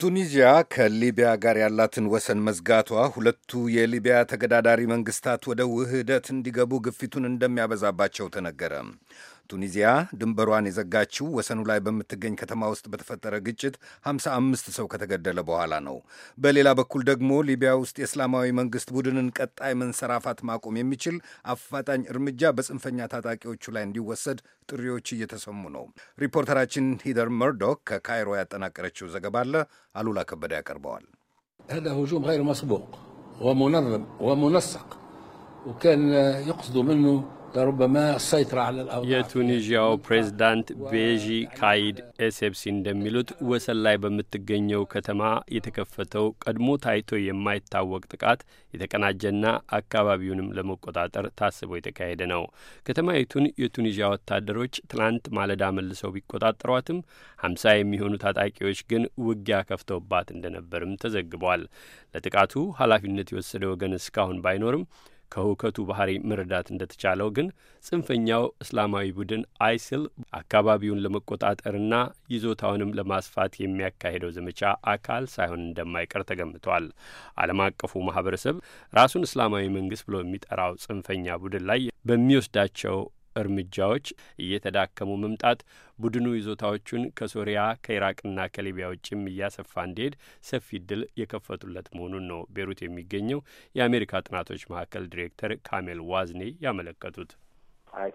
ቱኒዚያ ከሊቢያ ጋር ያላትን ወሰን መዝጋቷ ሁለቱ የሊቢያ ተገዳዳሪ መንግስታት ወደ ውህደት እንዲገቡ ግፊቱን እንደሚያበዛባቸው ተነገረ። ቱኒዚያ ድንበሯን የዘጋችው ወሰኑ ላይ በምትገኝ ከተማ ውስጥ በተፈጠረ ግጭት 55 ሰው ከተገደለ በኋላ ነው። በሌላ በኩል ደግሞ ሊቢያ ውስጥ የእስላማዊ መንግስት ቡድንን ቀጣይ መንሰራፋት ማቆም የሚችል አፋጣኝ እርምጃ በጽንፈኛ ታጣቂዎቹ ላይ እንዲወሰድ ጥሪዎች እየተሰሙ ነው። ሪፖርተራችን ሂደር መርዶክ ከካይሮ ያጠናቀረችው ዘገባ አለ። አሉላ ከበደ ያቀርበዋል። هذا هجوم غير مسبوق ومنظم ومنسق وكان يقصد منه የቱኒዥያው ፕሬዝዳንት ቤዢ ካይድ ኤሴፕሲ እንደሚሉት ወሰን ላይ በምትገኘው ከተማ የተከፈተው ቀድሞ ታይቶ የማይታወቅ ጥቃት የተቀናጀና አካባቢውንም ለመቆጣጠር ታስቦ የተካሄደ ነው። ከተማይቱን የቱኒዥያ ወታደሮች ትናንት ማለዳ መልሰው ቢቆጣጠሯትም ሀምሳ የሚሆኑ ታጣቂዎች ግን ውጊያ ከፍተውባት እንደነበርም ተዘግቧል። ለጥቃቱ ኃላፊነት የወሰደ ወገን እስካሁን ባይኖርም ከሁከቱ ባህሪ መረዳት እንደተቻለው ግን ጽንፈኛው እስላማዊ ቡድን አይስል አካባቢውን ለመቆጣጠርና ይዞታውንም ለማስፋት የሚያካሄደው ዘመቻ አካል ሳይሆን እንደማይቀር ተገምቷል። ዓለም አቀፉ ማህበረሰብ ራሱን እስላማዊ መንግስት ብሎ የሚጠራው ጽንፈኛ ቡድን ላይ በሚወስዳቸው እርምጃዎች እየተዳከሙ መምጣት ቡድኑ ይዞታዎቹን ከሶሪያ ከኢራቅና ከሊቢያ ውጭም እያሰፋ እንዲሄድ ሰፊ እድል የከፈቱለት መሆኑን ነው ቤሩት የሚገኘው የአሜሪካ ጥናቶች ማዕከል ዲሬክተር ካሜል ዋዝኔ ያመለከቱት። I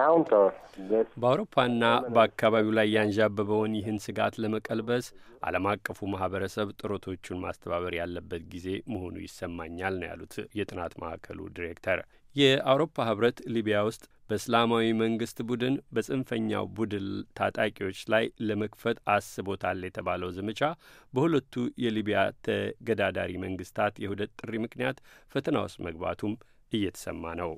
በአውሮፓና በአካባቢው ላይ ያንዣበበውን ይህን ስጋት ለመቀልበስ ዓለም አቀፉ ማህበረሰብ ጥረቶቹን ማስተባበር ያለበት ጊዜ መሆኑ ይሰማኛል ነው ያሉት የጥናት ማዕከሉ ዲሬክተር። የአውሮፓ ህብረት ሊቢያ ውስጥ በእስላማዊ መንግስት ቡድን በጽንፈኛው ቡድን ታጣቂዎች ላይ ለመክፈት አስቦታል የተባለው ዘመቻ በሁለቱ የሊቢያ ተገዳዳሪ መንግስታት የውህደት ጥሪ ምክንያት ፈተና ውስጥ መግባቱም እየተሰማ ነው።